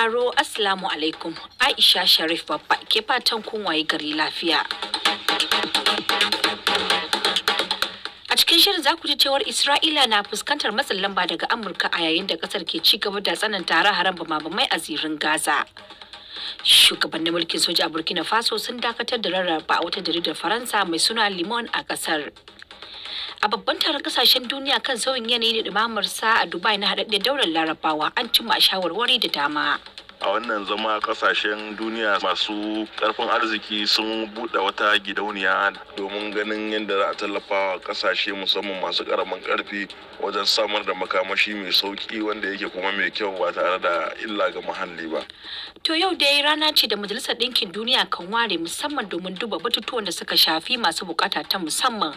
sauraro Assalamu alaikum Aisha Sharif babba ke fatan kun waye gari lafiya. A cikin shirin za ku ji cewar Isra'ila na fuskantar matsin lamba daga Amurka a yayin da kasar ke ci gaba da tsananta hare-haren ba bamai a zirin Gaza. Shugabannin mulkin soja a Burkina Faso sun dakatar da rarraba a wata jaridar Faransa mai suna Limon a kasar. a babban taron kasashen duniya kan sauyin yanayi da dumamar sa a dubai na haɗaɗɗen daular larabawa an cimma shawarwari da dama a wannan zama kasashen duniya masu karfin arziki sun buɗe wata gidauniya domin ganin yadda za a tallafa wa kasashe musamman masu karamin karfi wajen samar da makamashi mai sauki wanda yake kuma mai kyau ba tare da illa ga muhalli ba. To yau dai rana ce da Majalisar Ɗinkin Duniya kan ware musamman domin duba batutuwan da suka shafi masu bukata ta musamman.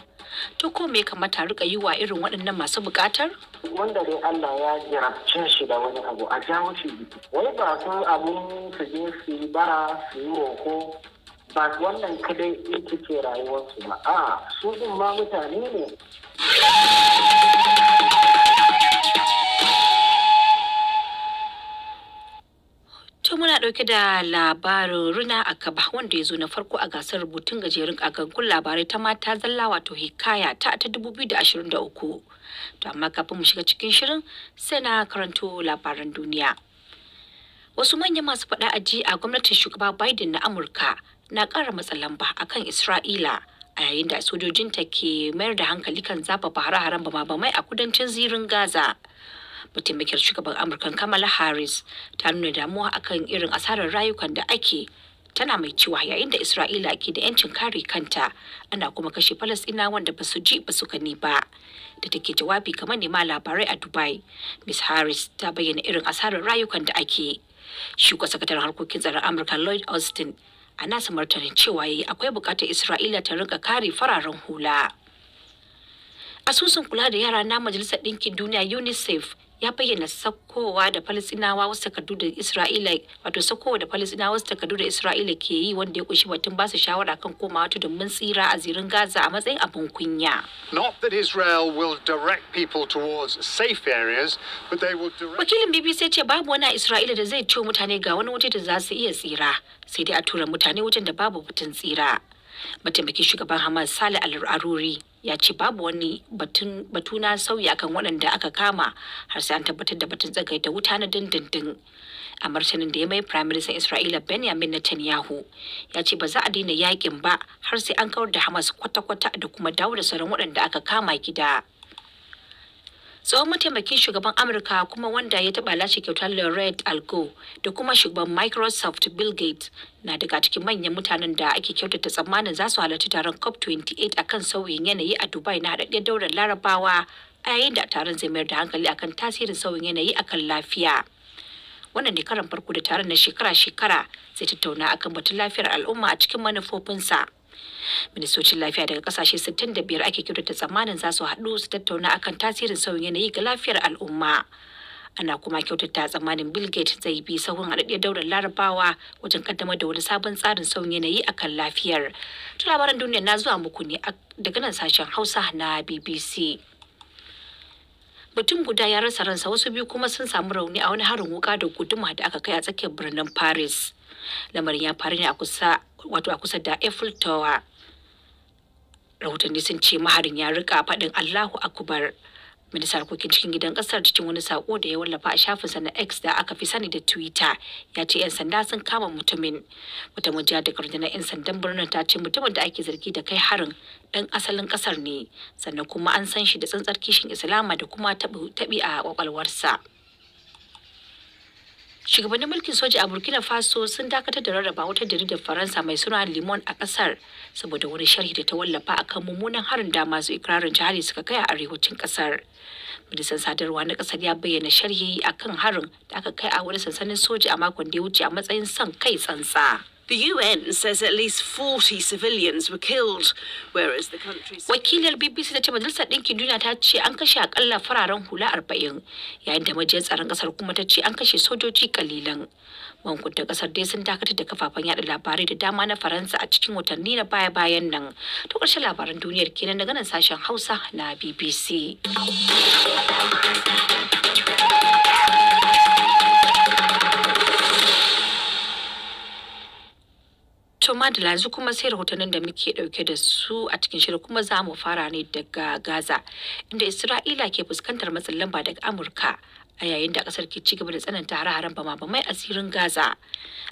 To ko me kamata rika yi wa irin waɗannan masu bukatar? Wanda dai Allah ya jira cin shi da wani abu a jawo shi wai ba abun su je su yi bara su yi roko ba wannan kadai ki ce rayuwarsu ba a su din ma mutane ne To muna ɗauke da labarin Runa kaba wanda ya zo na farko a gasar rubutun gajerun kagagun labarai ta mata zalla wato Hikaya ta ta da 2023. To amma kafin mu shiga cikin shirin sai na karanto labaran duniya. wasu manyan masu faɗa a ji a gwamnatin shugaba biden na amurka na ƙara matsa lamba kan isra'ila a yayin da sojojinta ke mayar da hankali kan zafafa hare-haren bama-bamai a kudancin zirin gaza mataimakiyar shugaban amurka kamala harris ta nuna damuwa akan irin asarar rayukan da ake tana mai cewa yayin da isra'ila ke da yancin kare kanta ana kuma kashe falasɗina wanda ba su ji ba su gani ba da take jawabi ga manema labarai a dubai miss harris ta bayyana irin asarar rayukan da ake Shuka sakataren harkokin tsaron Amurka Lloyd Austin a nasa martanin cewa yayi akwai bukatar Isra'ila ta rinka kare fararen hula. Asusun kula da yara na Majalisar Ɗinkin Duniya UNICEF ya bayyana sakowa da Falisinawa wasu takardu da Isra'ila wato sakowa da Falisinawa wasu takardu da Isra'ila ke yi wanda ya kunshi batun ba su shawara kan komawa mun tsira a zirin Gaza a matsayin abin kunya. Not that Israel will direct people towards Wakilin BBC ce babu wani a Isra'ila da zai ciwo mutane ga wani wuce da za su iya tsira, sai dai a tura mutane wajen da babu batun tsira. Mataimakin shugaban Hamas Sale Al-Aruri ya ce babu wani batuna na sauyi akan waɗanda aka kama har sai an tabbatar da batun tsagaita wuta na dindindin a martanin da ya mai prime minister isra'ila benjamin netanyahu ya ce ba za a daina yakin ba har sai an kawar da hamas kwata-kwata da kuma dawo da sauran waɗanda aka kama gida tsohon mataimakin shugaban amurka kuma wanda ya taɓa lashe kyautar lorette algo da kuma shugaban microsoft bill gates na daga cikin manyan mutanen da ake kyautata tsammanin za su halarci taron cop 28 akan sauyin yanayi a dubai na haɗaɗɗen daular larabawa a yayin da taron zai mayar da hankali akan tasirin sauyin yanayi akan lafiya wannan ne karan farko da taron na shekara-shekara zai tattauna akan batun lafiyar al'umma a cikin manufofinsa. ministocin lafiya daga kasashe 65 ake ta tsammanin za su haɗu su tattauna akan tasirin sauyin yanayi ga lafiyar al'umma ana kuma kyautata tsammanin bill gates zai bi sahun haɗaɗɗiyar daular larabawa wajen kaddamar da wani sabon tsarin sauyin yanayi akan lafiyar ta labaran duniya na zuwa muku ne daga nan sashen hausa na bbc mutum guda ya rasa ransa wasu biyu kuma sun samu rauni a wani harin wuka da guduma da aka kai a tsakiyar birnin paris lamarin ya faru ne a kusa wato a kusa da eiffel tower rahotanni sun ce maharin ya rika faɗin allahu akbar ministan harkokin cikin gidan kasar cikin wani sako da ya wallafa a shafinsa na x da aka fi sani da twitter ya ce 'yan sanda sun kama mutumin wata mujiya da na 'yan sandan birnin ta ce mutumin da ake zargi da kai harin ɗan asalin kasar ne sannan kuma an san shi da tsantsar kishin islama da kuma taɓi a kwakwalwarsa. shugabannin mulkin soja a burkina faso sun dakatar da rarraba wata jaridar faransa mai suna limon a kasar saboda wani sharhi da ta wallafa akan mummunan harin da masu ikirarin jihari suka kai a arewacin kasar ministan sadarwa na kasar ya bayyana sharhi akan harin da aka kai a wani sansanin soja a makon da ya wuce a matsayin son kai tsantsa Wakiliyar BBC ta ce Majalisar Ɗinkin Duniya ta ce an kashe akalla fararen hula arba'in yayin da majiyar tsaron ƙasar kuma ta ce an kashe sojoji kalilan. Mankuntan ƙasar dai sun dakatar da kafafen yada labarai da dama na Faransa a cikin watanni na baya-bayan nan. Ta ƙarshen labaran duniyar kenan daga nan sashen Hausa na BBC. To Lanzu kuma sai rahotannin da muke dauke da su a cikin shirin kuma za mu fara ne daga Gaza inda Isra'ila ke fuskantar matsin lamba daga Amurka a yayin da kasar ke ci gaba da tsananta hare-haren bama-bamai asirin Gaza.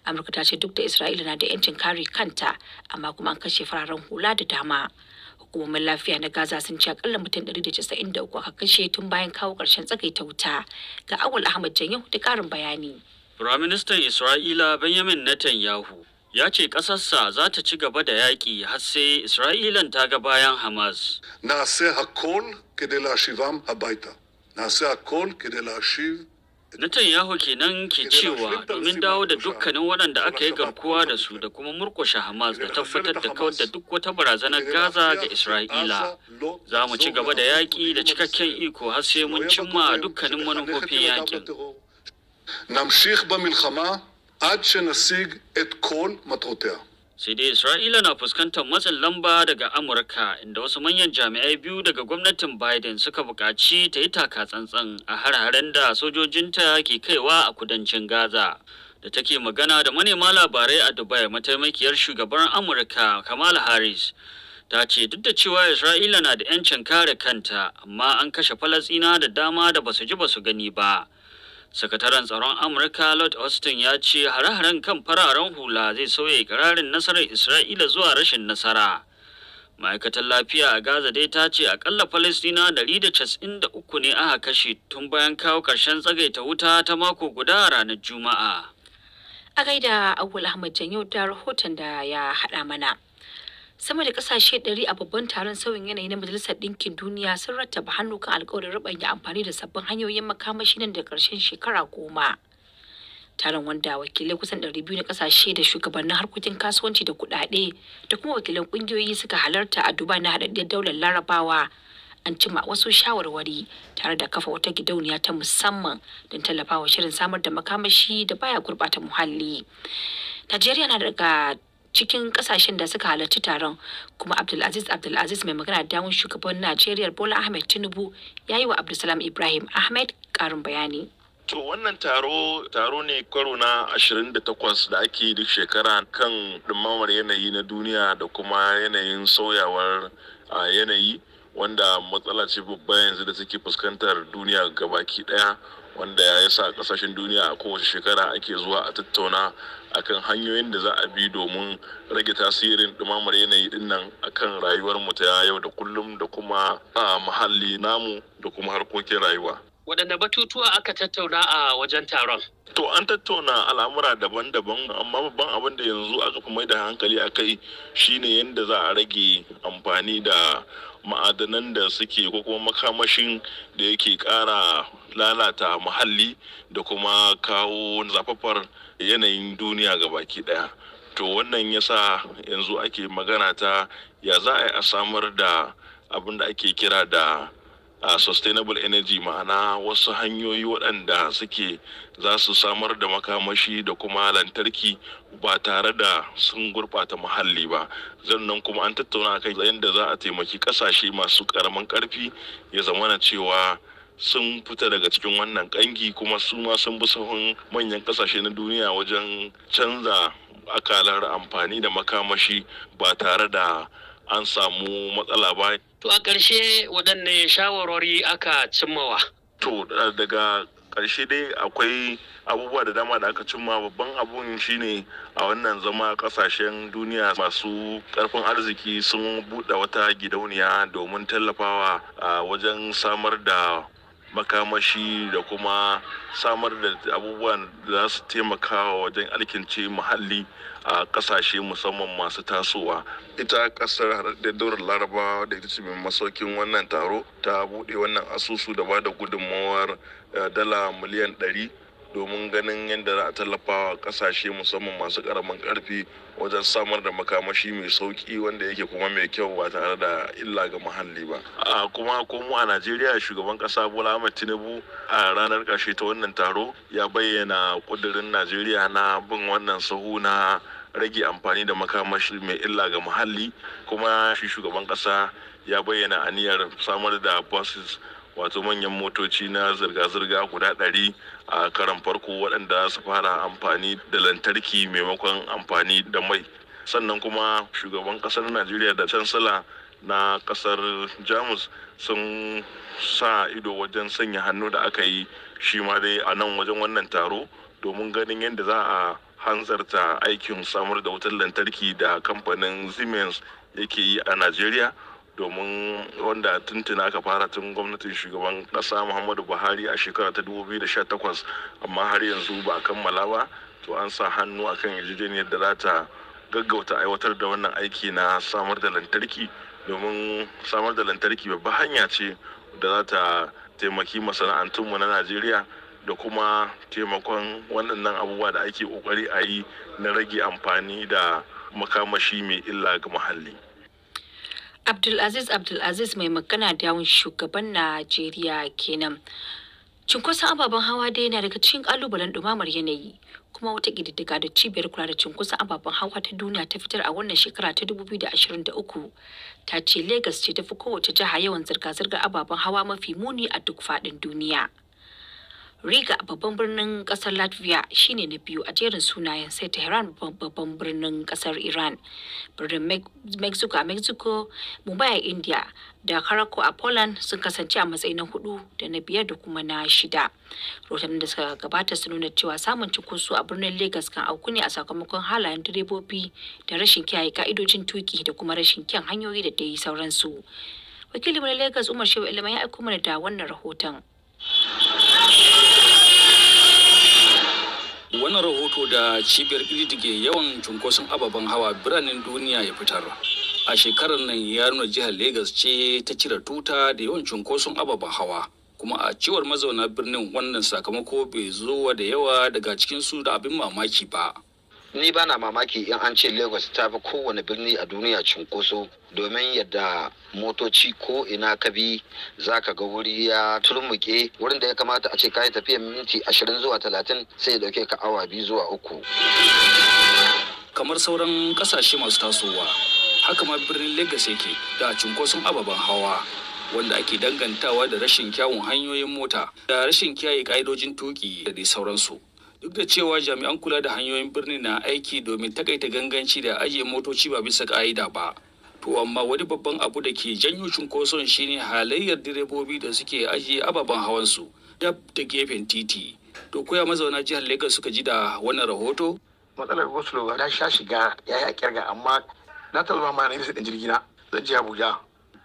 Amurka ta ce duk da Isra'ila na da 'yancin kare kanta amma kuma an kashe fararen hula da dama. hukumomin lafiya na gaza sun ce akalla mutum ɗari da da casa'in uku aka kashe tun bayan kawo ƙarshen tsagaita wuta ga awul ahmad janyo da ƙarin bayani Firaministan Isra'ila Benjamin Netanyahu ya ce ƙasarsa za ta ci gaba da yaƙi har sai Isra'ilan ta ga bayan Hamas. Na sai hakol kede lashivam habaita. Na sai hakol kede lashiv Yahu kenan ke cewa domin dawo da dukkanin waɗanda aka yi garkuwa da su da kuma murƙushe Hamas da tabbatar da kawar da duk wata barazanar Gaza ga Isra'ila. Za mu ci gaba da yaƙi da cikakken iko har sai mun cimma dukkanin manufofin yaƙin. Namshikh ba milhama עד שנשיג את כל מטרותיה. sai dai isra'ila na fuskantar matsin lamba daga amurka inda wasu manyan jami'ai biyu daga gwamnatin biden suka buƙaci ta yi taka tsantsan a har-haren da sojojinta ke kaiwa a kudancin gaza da take magana da manema labarai a dubai mataimakiyar shugaban amurka kamal harris ta ce duk da cewa isra'ila na da 'yancin kare kanta amma an kashe falasina da dama da basu ji basu gani ba sakataren tsaron amurka lord austin ya ce hare-haren kan fararen hula zai sauya kararin nasarar isra'ila zuwa rashin nasara ma'aikatar lafiya a gaza dai ta ce akalla da uku ne aka kashe tun bayan kawo ƙarshen tsagaita wuta ta mako guda ranar juma'a a gaida Abul ahmad janyo da rahoton da ya haɗa mana sama da kasashe 100 a babban taron sauyin yanayi na majalisar ɗinkin duniya sun rattaba hannu kan alkawarin rubanya amfani da sabbin hanyoyin makamashi nan da ƙarshen shekara goma taron wanda wakilai kusan 200 na kasashe da shugabannin harkokin kasuwanci da kuɗaɗe da kuma wakilan ƙungiyoyi suka halarta a dubai na haɗaɗɗiyar daular larabawa an cima wasu shawarwari tare da kafa wata gidauniya ta musamman don tallafawa shirin samar da makamashi da baya gurɓata muhalli najeriya na daga cikin kasashen da suka halarci taron kuma abdulaziz abdulaziz mai magana damun shugaban najeriya bola ahmed tinubu ya yi wa abdulsalam ibrahim ahmed karin bayani To wannan taro taro ne karo na 28 da ake duk shekara kan dumamar yanayi na duniya da kuma yanayin sauyawar yanayi wanda matsala ce babba yanzu da suke fuskantar duniya gabaki ɗaya. wanda ya sa kasashen duniya a kowace shekara ake zuwa a tattauna akan hanyoyin da za a bi domin rage tasirin ɗumamar yanayi dinnan akan rayuwar mu ta yau da kullum da kuma a muhalli namu da kuma harkokin rayuwa waɗanne batutuwa aka tattauna a wajen taron to an tattauna al'amura daban-daban amma babban abin da yanzu aka fi mai da hankali a kai shine yadda za a rage amfani da ma'adanan da suke ko kuma makamashin da yake ƙara lalata muhalli da kuma kawo zafafar yanayin duniya ga baki ɗaya to wannan yasa yanzu ake magana ta ya za a yi a samar da abin da ake kira da a sustainable energy ma'ana wasu hanyoyi waɗanda suke za su samar da makamashi da kuma lantarki ba tare da sun gurɓata muhalli ba nan kuma an tattauna kai yadda za a taimaki ƙasashe masu ƙaramin ƙarfi ya zamana cewa sun fita daga cikin wannan ƙangi kuma su ma sun bi sahun manyan ƙasashe na duniya wajen canza akalar amfani da makamashi ba tare da an samu matsala ba. To a ƙarshe waɗanne shawarwari aka cimmawa? To daga ƙarshe dai akwai abubuwa da dama da aka cimma babban abun shine a wannan zama ƙasashen duniya masu ƙarfin arziki sun buɗe wata gidauniya domin tallafawa a wajen samar da makamashi da kuma samar da abubuwan da za su taimaka wajen alkince muhalli a kasashe musamman masu tasowa ita kasar haɗaɗɗen larabawa da ita ce mai masaukin wannan taro ta buɗe wannan asusu da ba da gudunmawar eh, dala miliyan ɗari. domin ganin yadda za a tallafawa kasashe musamman masu karamin karfi wajen samar da makamashi mai sauki wanda yake kuma mai kyau ba tare da illa ga muhalli ba a kuma ko a najeriya shugaban kasa bola ahmed tinubu a ranar karshe ta wannan taro ya bayyana kudirin najeriya na bin wannan sahu na rage amfani da makamashi mai illa ga muhalli kuma shi shugaban kasa ya bayyana aniyar samar da buses wato manyan motoci na zirga-zirga guda ɗari a karan farko waɗanda su fara amfani da lantarki maimakon amfani da mai sannan kuma shugaban ƙasar najeriya da cansala na ƙasar jamus sun sa ido wajen sanya hannu da aka yi shi ma dai a nan wajen wannan taro domin ganin yadda za a hanzarta aikin samar da wutar lantarki da kamfanin siemens yake yi a najeriya domin wanda tuntuna aka fara tun gwamnatin shugaban ƙasa muhammadu buhari a shekara ta 2018 amma har yanzu ba a kammala ba to an sa hannu akan yarjejeniyar da za ta gaggauta aiwatar da wannan aiki na samar da lantarki domin samar da lantarki babba hanya ce da za ta taimaki masana'antunmu na najeriya da kuma taimakon waɗannan abubuwa da ake ƙoƙari a yi na rage amfani da makamashi mai illa ga muhalli. Abdulaziz Abdulaziz mai magana da yawun shugaban Najeriya kenan. Cunkoson ababen hawa dai yana daga cikin kalubalen dumamar yanayi kuma wata ƙididdiga da cibiyar kula da cunkoson ababen hawa ta duniya ta fitar a wannan shekara ta 2023 ta ce Legas ce ta fi kowace jiha yawan zirga-zirgar ababen hawa mafi muni a duk faɗin duniya. Riga babban birnin kasar Latvia shine na biyu a jerin sunayen sai Tehran babban birnin kasar Iran, birnin Mexico a Mexico, Mumbai a India da Karako a Poland sun kasance a matsayi na hudu da na biyar da kuma na shida. Rotan da suka gabata sun nuna cewa samun cikunsu a birnin Lagos kan auku ne a sakamakon halayen direbobi da rashin kiyaye ka'idojin tuki da kuma rashin kyan hanyoyi da dai sauransu. wakilin na Lagos Umar Shehu Ilimin ya aiko mana da wannan rahoton. wannan rahoto da cibiyar ƙididdige yawan cunkoson ababen hawa biranen duniya ya fitar a shekarar nan ya nuna jihar Legas ce ta cire tuta da yawan cunkoson ababen hawa kuma a cewar mazauna birnin wannan sakamako bai zo da yawa daga cikin su da abin mamaki ba ni ba na mamaki in an ce lagos ta fi kowane birni a duniya cunkoso domin yadda motoci ko ina ka bi za ka ga wuri ya turmuke wurin da ya kamata a ce ka yi tafiya minti ashirin zuwa talatin sai ya dauke ka awa biyu zuwa uku kamar sauran kasashe masu tasowa haka ma birnin lagos yake da cunkoson ababen hawa wanda ake dangantawa da rashin kyawun hanyoyin mota da rashin kiyaye ka'idojin tuki da dai sauransu duk da cewa jami'an kula da hanyoyin birnin na aiki domin takaita ganganci da ajiye motoci ba bisa ka'ida ba to amma wani babban abu da ke janyo cunkoson shine halayyar direbobi da suke ajiye ababen hawansu dab da gefen titi to koya mazauna jihar lagos suka ji da wannan rahoto matsalar oslo na sha shiga ya yi a kirga amma na talaba ma na yi jirgi na. zan je abuja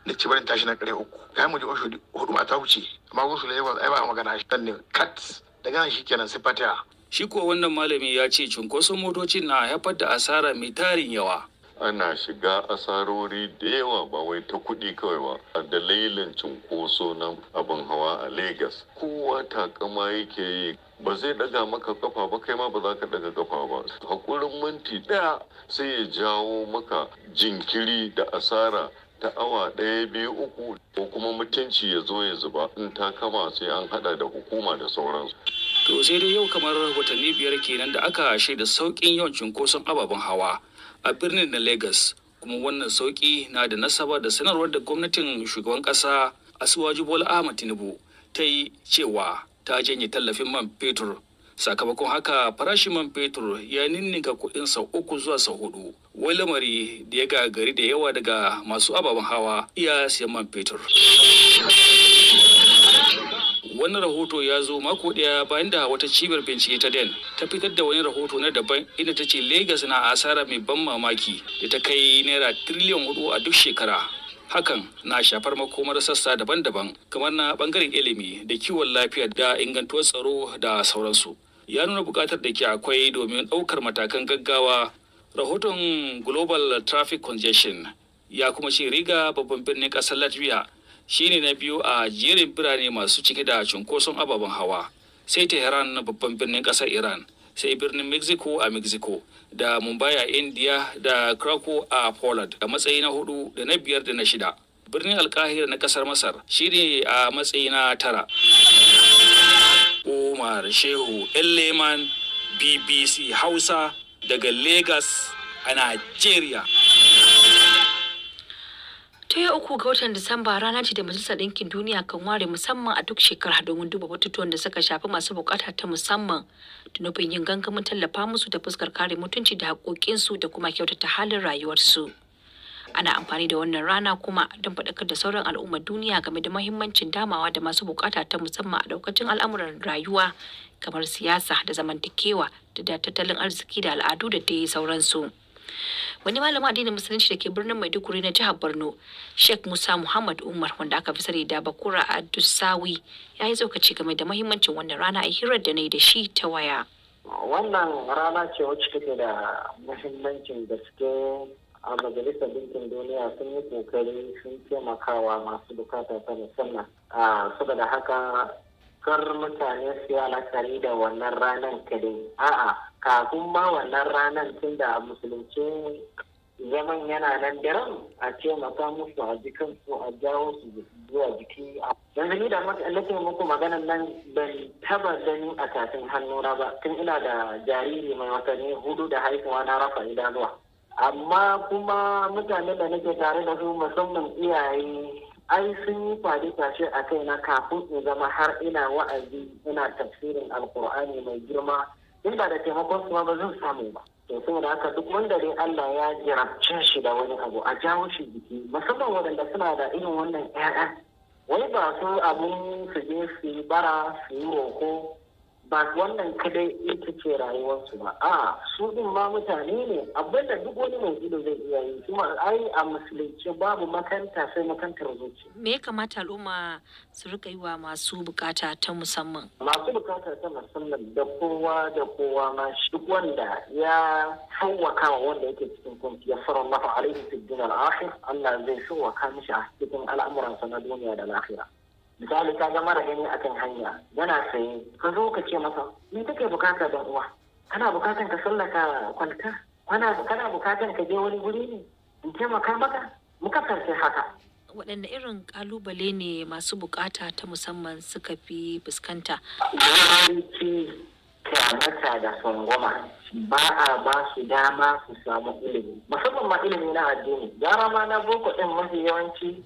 na ci barin tashi na kare uku kayan mu je oslo hudu mata wuce amma oslo ya ba magana shi ne kat daga nan kenan sai fatiha Shi ko wannan malami ya ce cunkoson motocin na haifar da asara mai tarin yawa. Ana shiga asarori da yawa ba wai ta kuɗi kawai ba a dalilin cunkoso na abin hawa a Legas. Kowa takama yake yi ba zai daga maka kafa ba kai ma ba za ka daga kafa ba hakurin minti ɗaya sai ya jawo maka jinkiri da asara ta awa ɗaya biyu uku ko kuma mutunci ya zo ya zuba in ta kama sai an hada da hukuma da sauransu to sai dai yau kamar watanni biyar kenan da aka shaida saukin yawan cunkoson ababen hawa a birnin na legas kuma wannan sauki na da nasaba da sanarwar da gwamnatin shugaban ƙasa asuwaju bola ahmad tinubu ta yi cewa ta janye tallafin man fetur sakamakon haka farashin man fetur ya ninninka kuɗin sau uku zuwa sau hudu wai lamari da ya gagari da yawa daga masu ababen hawa iya siyan man fetur wannan rahoto ya zo mako daya bayan da wata cibiyar bincike ta den ta fitar da wani rahoto na daban inda ta ce lagos na asara mai ban mamaki da ta kai naira tiriliyan hudu a duk shekara hakan na shafar makomar sassa daban-daban kamar na bangaren ilimi da kiwon lafiya da ingantuwar tsaro da sauransu ya nuna bukatar da ke akwai domin ɗaukar matakan gaggawa rahoton global traffic congestion ya kuma ce riga babban birnin ƙasar latvia shine na biyu a jerin birane masu cike da cunkoson ababen hawa sai tehran na babban birnin ƙasar iran sai birnin mexico a mexico da mumbai a india da krakow a poland a matsayi na hudu da na biyar da na shida birnin alkahira na kasar masar shine a matsayi na tara umar shehu leman bbc hausa daga lagos a nigeria Ta yi uku ga watan Disamba rana ce da Majalisar Ɗinkin Duniya kan ware musamman a duk shekara domin duba batutuwan da suka shafi masu bukata ta musamman da nufin yin gangamin tallafa musu da fuskar kare mutunci da haƙoƙinsu da kuma kyautata halin rayuwarsu. Ana amfani da wannan rana kuma don faɗakar da sauran al'ummar duniya game da mahimmancin damawa da masu bukata ta musamman a ɗaukacin al'amuran rayuwa kamar siyasa da zamantakewa da tattalin arziki da al'adu da ta yi sauransu. wani malamin addinin musulunci da ke birnin maiduguri na jihar borno sheikh musa muhammad umar wanda aka fi sani da bakura adusawi ya yi zokaci game da mahimmancin wannan rana a hirar da na yi da shi ta waya wannan rana ce wacce take da mahimmancin gaske a majalisar dinkin duniya sun yi kokari sun taimakawa masu bukata ta musamman ah, saboda haka kar mutane su yi da wannan ranar kadai a'a kafin ma wannan ranar tun da musulunci zaman yana nan daren a taimaka musu a jikin su a jawo su zuwa jiki yanzu ni da nake muku maganan nan ban taba gani a tafin na ba tun ina da jariri mai watanni hudu da haihuwa na rafa idanuwa amma kuma mutane da nake tare da su musamman iyaye ai sun yi fadi tashe a kai na kafin in zama har ina wa'azi ina tafsirin alkur'ani mai girma In ba da taimakon su ba zan samu ba to saboda haka duk wanda dai Allah ya jirabce shi da wani abu a jawo shi jiki musamman waɗanda suna da irin wannan ƴaƴa wai ba su abun su je su bara su yi roko ba wannan kadai ita ce rayuwarsu ba a su din ma mutane ne abinda duk wani mai ido zai iya yi kuma ai a musulunci babu makanta sai makantar zuci me ya kamata al'umma su rika yi wa masu bukata ta musamman masu bukata ta musamman da kowa da kowa ma duk wanda ya sawwaka wa wanda yake cikin kwanciyar ya fara mafa alaihi fi ahir akhir Allah zai sawwaka mishi a cikin al'amuransa na duniya da lahira misali ka ga mara gani kan hanya yana saye ka zo ka ce masa me take bukata da uwa kana bukatan ka sallaka kwanta kana bukatan ka je wani guri ne in taimaka maka muka farce haka waɗanne irin kalubale ne masu bukata ta musamman suka fi fuskanta kyamata da sungoma ba a ba su dama su samu ilimi Masu ma ilimi na addini gara ma na boko ɗin mafi yawanci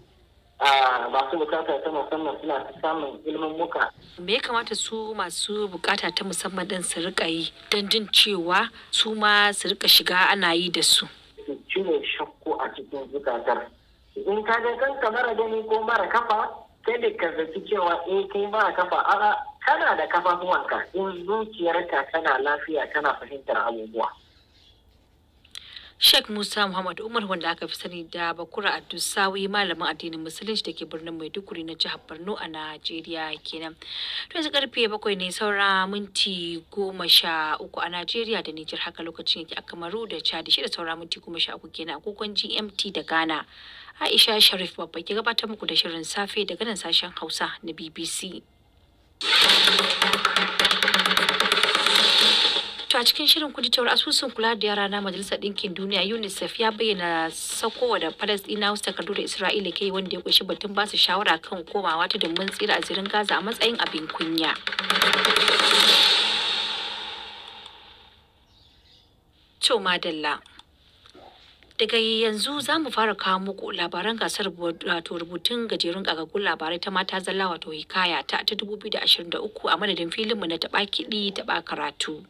masu bukata ta musamman suna samun ilimin muka. Me ya kamata su masu bukata ta musamman ɗin su rika yi don jin cewa su ma su rika shiga ana yi da su. Su cire shakku a cikin zukatar. In ka ga kanka mara gani ko mara kafa, sai da ka zaci cewa in eh, kai mara kafa ana kana da kafafuwanka in zuciyarka tana lafiya tana fahimtar abubuwa. Sheikh Musa Muhammad Umar wanda aka fi sani da Bakura Addusawi malamin addinin Musulunci da ke birnin Maiduguri na jihar Borno a Najeriya kenan. To yanzu karfe bakwai ne saura minti goma sha uku a Najeriya da Nijar haka lokacin yake a Kamaru da Chad shi da saura minti goma sha uku kenan agogon GMT da Ghana. Aisha Sharif babba ke gabatar muku da shirin safe daga nan sashen Hausa na BBC. a cikin shirin kudi cewar asusun kula da yara na majalisar ɗinkin duniya unicef ya bayyana sakowa da palestina wasu takardu da isra'ila ke wanda ya kunshi batun basu shawara kan komawa ta domin tsira a zirin gaza a matsayin abin kunya to madalla daga yanzu za mu fara kawo muku labaran gasar wato rubutun gajerun kagaggun labarai ta mata zalla wato hikaya ta ta 2023 a madadin filinmu na taɓa kiɗi taɓa karatu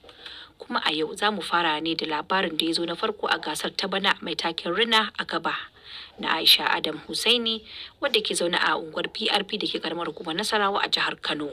kuma a yau za mu fara ne da labarin da ya zo na farko a gasar ta bana mai takin rina a gaba na aisha adam husaini wadda ke zaune a unguwar prp da ke karamar hukumar nasarawa a jihar kano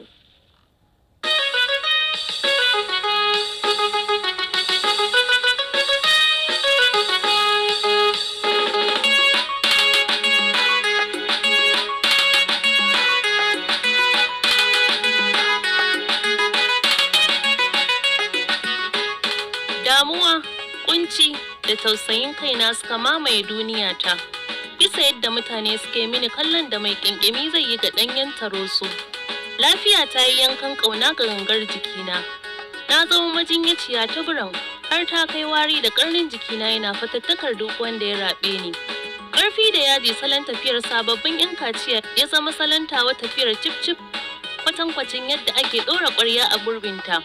kaina suka mamaye duniya ta bisa yadda mutane suka yi mini kallon da mai ƙyanƙyami zai yi ga ɗanyen taro su lafiya ta yi yankan ƙauna ga gangar jikina na zama majinyaciya ta buran har ta kai wari da ƙarnin jikina yana fatattakar duk wanda ya raɓe ni ƙarfi da yaji salon tafiyar sababbin yan kaciya ya zama salon tawa tafiyar cif cif kwatankwacin yadda ake ɗora ƙwarya a gurbinta.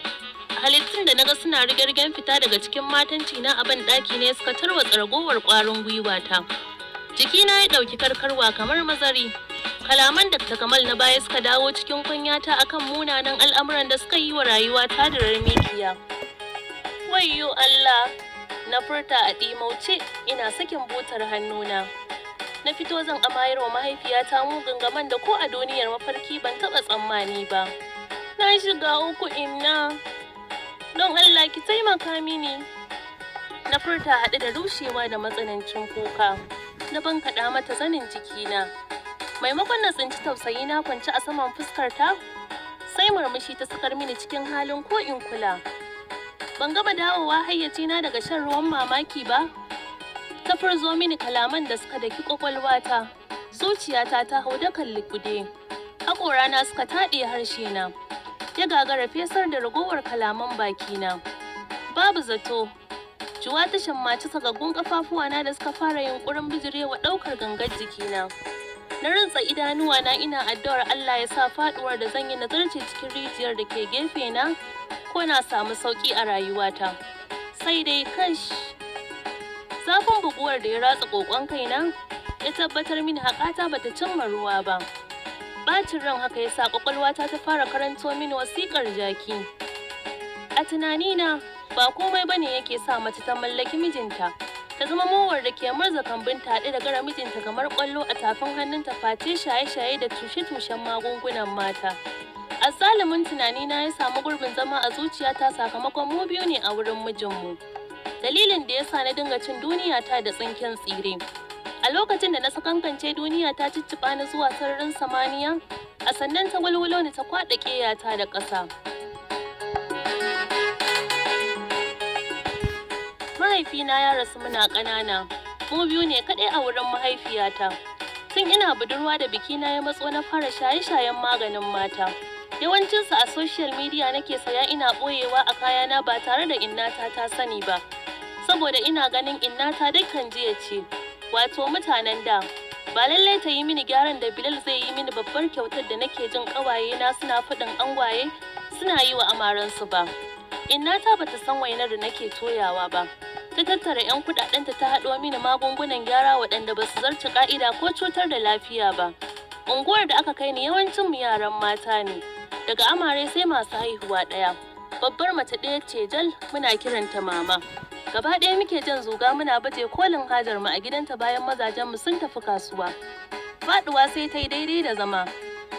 halittun da naga suna rigargen fita daga cikin matanci na banɗaki daki ne suka tarwatsa ragowar ƙwarin gwiwata. na ya ɗauki karkarwa kamar mazari. Kalaman ta Kamal na baya suka dawo cikin kunyata akan munanan al'amuran da suka yi wa rayuwa ta da mikiya. Wayyo Allah! Na furta a ɗimauce ina sakin butar hannuna. Na fito zan amayar wa mahaifiyata mugun gaman da ko a duniyar mafarki ban taba tsammani ba. Na shiga uku inna. don Allah ki taimaka mini. Na furta haɗe da rushewa da matsanancin kuka, na kaɗa mata zanin jikina. Maimakon na tsinci tausayi na kwanci a saman fuskarta, sai murmushi ta sakar mini cikin halin ko in kula. Ban gama dawowa hayyacina daga shan ruwan mamaki ba, ta furzo mini kalaman da suka daki kwakwalwata, zuciyata ta hau da kalli kude. Haƙorana suka taɗe harshena. na. ya gagara fesar da ragowar kalaman bakina. Babu zato, juwa ta shammaci sagaggun na da suka fara yunkurin bijirewa ɗaukar gangar jikina. Na rantsa idanuwa na ina addu'ar Allah ya sa faɗuwar da zan yi nazarci cikin rijiyar da ke gefe na ko na samu sauƙi a rayuwata. Sai dai kash. Zafin buguwar da ya ratsa ƙoƙon kaina ya tabbatar mini haƙata bata cimma ruwa ba. Bacin ran haka ya sa ƙwaƙwalwata ta fara karanto mini wasikar jaki. A tunanina ba komai bane yake sa mace ta mallaki mijinta. Ta zama mowar da ke murza kambin haɗe da gara mijinta kamar kwallo a tafin hannunta face shaye-shaye da tushe-tushen magungunan mata. A salimin tunanina ya samu gurbin zama a zuciyata sakamakon mu biyu ne a wurin mijinmu. Dalilin da ya sa na dinga cin duniya ta da tsinken tsire. A lokacin da na sakankance duniya ta cicciɓa ni zuwa sararin samaniya, a sannan ta walwalo ni ta kwaɗa ƙeyata da ƙasa. Mahaifina ya rasu muna ƙanana, mu biyu ne kaɗai a wurin mahaifiyata. Tun ina budurwa da bikina ya matso na fara shaye-shayen maganin mata. Yawancinsu a social media nake saya ina ɓoyewa a kayana ba tare da innata ta sani ba. Saboda ina ganin innata dukkan jiya ce. wato mutanen da ba lallai ta yi mini gyaran da bilal zai yi mini babbar kyautar da nake jin ƙawaye na suna faɗin angwaye suna yi wa amaransu ba inna ta bata san wainar da nake toyawa ba ta tattara 'yan kudadenta ta haɗo mini magungunan gyara waɗanda ba su zarce ka'ida ko cutar da lafiya ba unguwar da aka kai ni yawancin mu yaran mata ne daga amare sai masu haihuwa ɗaya babbar mace ɗaya ce jal muna kiranta mama gaba ɗaya muke jan zuga muna baje kolin hajar mu a gidanta bayan mazajen mu sun tafi kasuwa Faɗuwa sai ta yi daidai da zama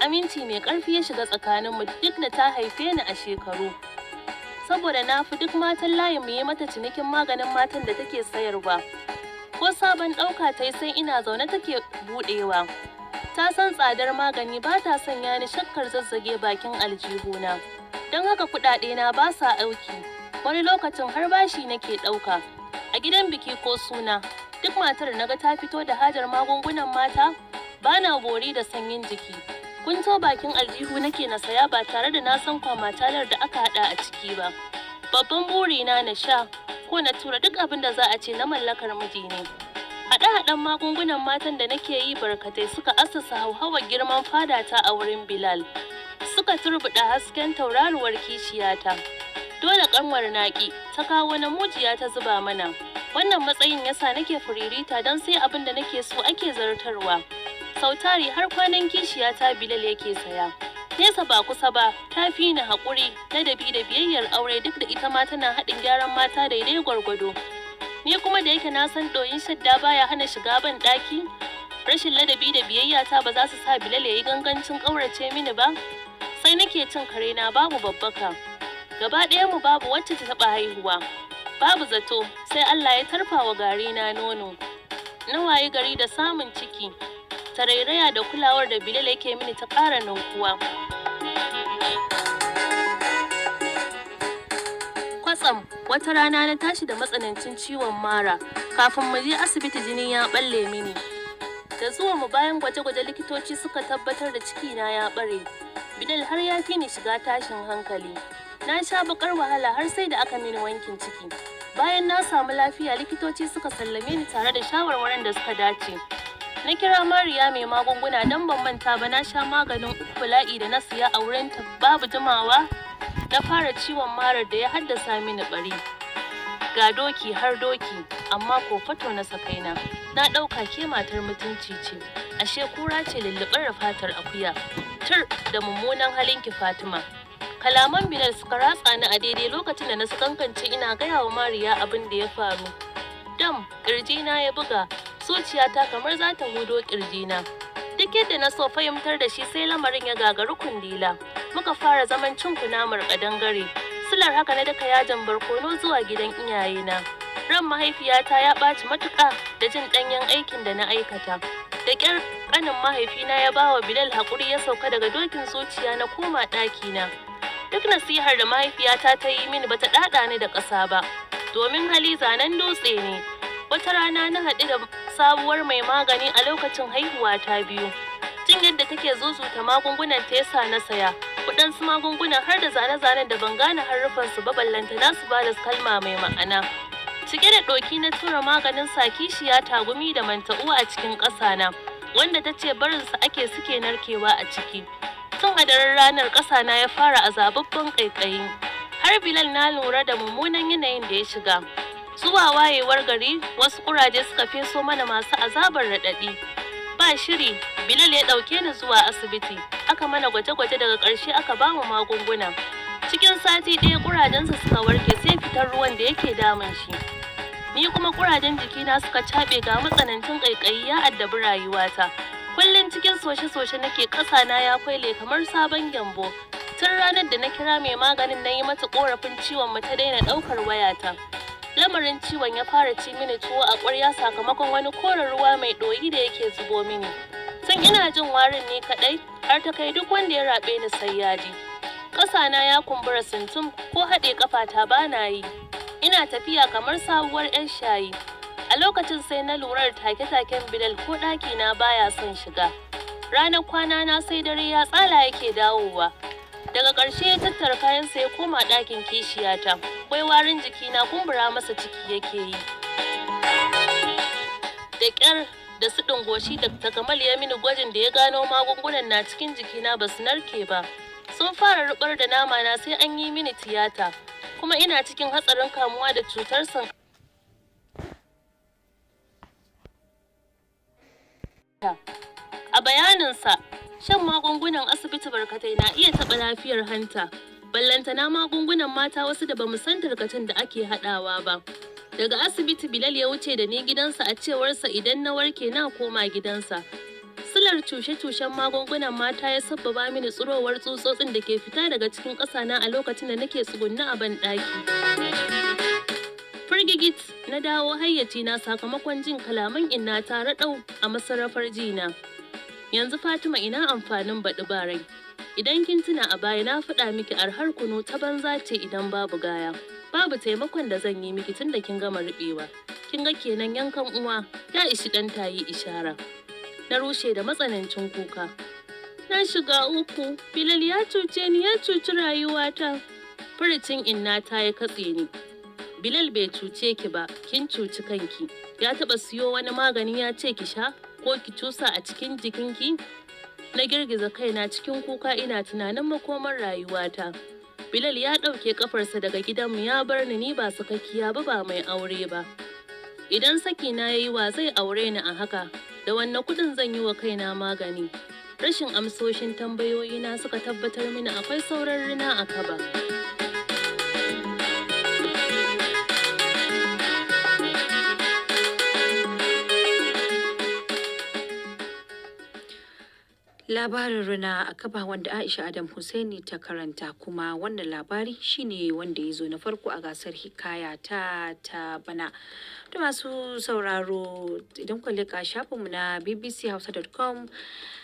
aminci mai ƙarfi ya shiga tsakaninmu duk da ta haife ni a shekaru saboda na fi duk matan layin mu yi mata cinikin maganin matan da take sayarwa ko sabon ɗauka ta yi sai ina zaune take buɗewa ta san tsadar magani ba ta sanya ni shakkar zazzage bakin aljihuna. don haka kuɗaɗe na ba sa auki, wani lokacin har bashi nake ɗauka a gidan biki ko suna duk matar naga ta fito da hajar magungunan mata bana bori da sanyin jiki Kun to bakin aljihu nake na saya ba tare da na san kwamatalar da aka hada a ciki ba babban buri na na sha ko na tura duk abin da za a ce na mallakar miji ne haɗe-haɗen magungunan matan da nake yi barkatai suka asasa hauhawar girman fadata a wurin bilal suka turbuɗa hasken tauraruwar kishiyata. Dole ƙanwar naƙi ta kawo namujiya ta zuba mana. Wannan matsayin yasa nake furirita don sai abin da nake so ake zartarwa. Sautari har kwanan kishiyata Bilal yake saya. Nesa ba kusa ba, ta fi ni haƙuri, ladabi da biyayyar aure duk da ita ma tana haɗin gyaran mata daidai gwargwado. Ni kuma da yake na san ɗoyin shadda baya hana shiga ban ɗaki, rashin ladabi da biyayya ta ba za su sa Bilal ya yi gangancin ƙaurace mini ba, nake cin kare na babu babbaka gaba ɗaya mu babu wacce ta taɓa haihuwa babu zato sai Allah ya tarfa wa na nono na waye gari da samun ciki tarairaya da kulawar da bilal yake mini ta ƙara ninkuwa kwatsam wata rana na tashi da matsanancin ciwon mara kafin mu je asibiti jini ya balle mini da zuwa mu bayan gwaje-gwaje likitoci suka tabbatar da cikina ya bare Bidal har ya fi ni shiga tashin hankali. Na sha bakar wahala har sai da aka mini wankin ciki. Bayan na samu lafiya likitoci suka sallame ni tare da shawarwarin da suka dace. Na kira Mariya mai magunguna don ban manta ba na sha maganin bala'i da na siya a wurin ta, babu jimawa na fara ciwon marar da ya haddasa mini bari. Ga doki har doki, amma ko fato na sakaina, na ɗauka ke matar mutunci ce. ashe kura ce lulluɓar da fatar akuya tur da mummunan halin ki fatima kalaman bilal suka ratsa ni a daidai lokacin da na su kankance ina gaya wa mariya abin da ya faru dam na ya buga zuciyata kamar za ta hudo na. duk yadda na so fahimtar da shi sai lamarin ya gagaru kundila muka fara zaman cin kunamar kadangare silar haka na daka yajin barkono zuwa gidan iyayena ran mahaifiyata ya ɓaci matuƙa da jin ɗanyen aikin da na aikata da ƙyar ƙanin mahaifina ya bawa bilal haƙuri ya sauka daga dokin zuciya na koma ɗakina duk nasihar da mahaifiyata ta yi mini bata ɗaɗa ni da ƙasa ba domin hali zanen dutse ne wata rana na haɗu da sabuwar mai magani a lokacin haihuwa ta biyu jin yadda take zuzuta magungunan ta yasa na saya su magungunan har da zane-zanen da ban gane harufansu ba ballanta na su ba da kalma mai ma'ana cike da ɗoki na tura maganin sakishiya tagumi da manta'u a cikin ƙasa na wanda ta ce barinsa ake suke narkewa a ciki tun a daren ranar ƙasa na ya fara a zababben ƙaiƙayi har bilal na lura da mummunan yanayin da ya shiga zuwa wayewar gari wasu ƙuraje suka feso mana masu azabar raɗaɗi ba shiri bilal ya ɗauke ni zuwa asibiti aka mana gwaje-gwaje daga ƙarshe aka ba mu magunguna cikin sati ɗaya ƙurajensa suka warke sai fitar ruwan da yake damun shi ni kuma kurajen jiki na suka caɓe ga matsanancin ƙaiƙayi ya addabi rayuwata kullum cikin soshe-soshe nake ƙasa na ya kwaile kamar sabon gyambo tun ranar da na kira mai maganin na yi mata ƙorafin ciwon ta daina ɗaukar wayata lamarin ciwon ya fara ci mini tuwo a ƙwarya sakamakon wani koren ruwa mai ɗoyi da yake zubo mini tun ina jin warin ne kaɗai har ta kai duk wanda ya raɓe ni sai yaji ƙasa na ya kumbura sintum ko haɗe ƙafata ba na yi ina tafiya kamar sabuwar 'yan shayi a lokacin sai na lura take-taken bilal ko ɗaki na baya son shiga ranar kwana na sai dare ya tsala yake dawowa daga ƙarshe ya tattara kayan sai ya koma ɗakin kishiyata bai warin jiki na kumbura masa ciki yake yi da ƙyar da su goshi da kamal ya mini gwajin da ya gano magungunan na cikin jikina ba su narke ba sun fara rubar da nama na sai an yi mini tiyata kuma ina cikin hatsarin kamuwa da cutar san A bayaninsa, shan magungunan asibiti barkatai na iya taɓa lafiyar hanta. Ballantana magungunan mata wasu da bamu san tarkacen da ake haɗawa ba. Daga asibiti Bilal ya wuce da ni gidansa a cewarsa idan na warke na koma gidansa. matsalar cushe-cushen magungunan mata ya sabbaba mini tsirowar tsutsotsin da ke fita daga cikin ƙasana a lokacin da nake tsugunni a banɗaki. Firgigit na dawo hayyaci na sakamakon jin kalaman inna ta raɗau a masarrafar jina. Yanzu Fatima ina amfanin baɗi barai. Idan kin tuna a baya na faɗa miki arhar kunu ta banza ce idan babu gaya. Babu taimakon da zan yi miki tun da kin gama ruɓewa. Kin ga kenan yankan uwa ya ishi ɗan tayi ishara. na rushe da matsanancin kuka. Na shiga uku, Bilal ya cuce ni ya cuci rayuwata. Furicin inna ta ya katse ni. Bilal bai cuce ki ba, kin cuci kanki. Ya taɓa siyo wani magani ya ce ki sha ko ki cusa a cikin jikinki? Na girgiza kaina cikin kuka ina tunanin makomar rayuwata. Bilal ya ɗauke ƙafarsa daga gidanmu ya bar ni ni ba sakakkiya ba ba mai aure ba. Idan sakina ya yi wa zai aure ni a haka, da wannan kudin zan yi wa kaina magani rashin amsoshin tambayoyina suka tabbatar mini akwai sauran rina a kaba Labarin rina a kaba wanda Aisha Adam Hussaini ta karanta kuma wannan labari shine wanda ya zo na farko a gasar hikaya ta ta bana. da masu sauraro idan ku leƙa shafinmu na bbchausa.com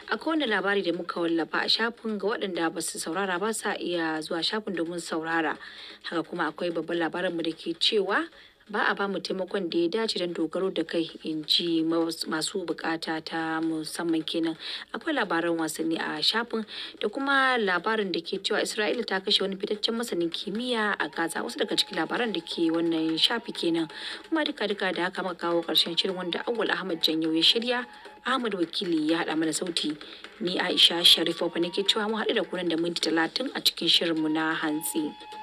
a kowane labari da muka wallafa a shafin ga waɗanda ba su saurara ba sa iya zuwa shafin domin saurara haka kuma akwai babban labarinmu da ke cewa ba a ba mu taimakon da ya dace don dogaro da kai in ji masu bukata ta musamman kenan akwai labaran wasanni a shafin da kuma labarin da ke cewa isra'ila ta kashe wani fitaccen masanin kimiyya a gaza wasu daga cikin labaran da ke wannan shafi kenan kuma duka duka da haka muka kawo karshen shirin wanda awul ahmad janyo ya shirya ahmad wakili ya haɗa mana sauti ni aisha sharifa ke cewa mu haɗu da kunan da minti talatin a cikin shirinmu na hantsi.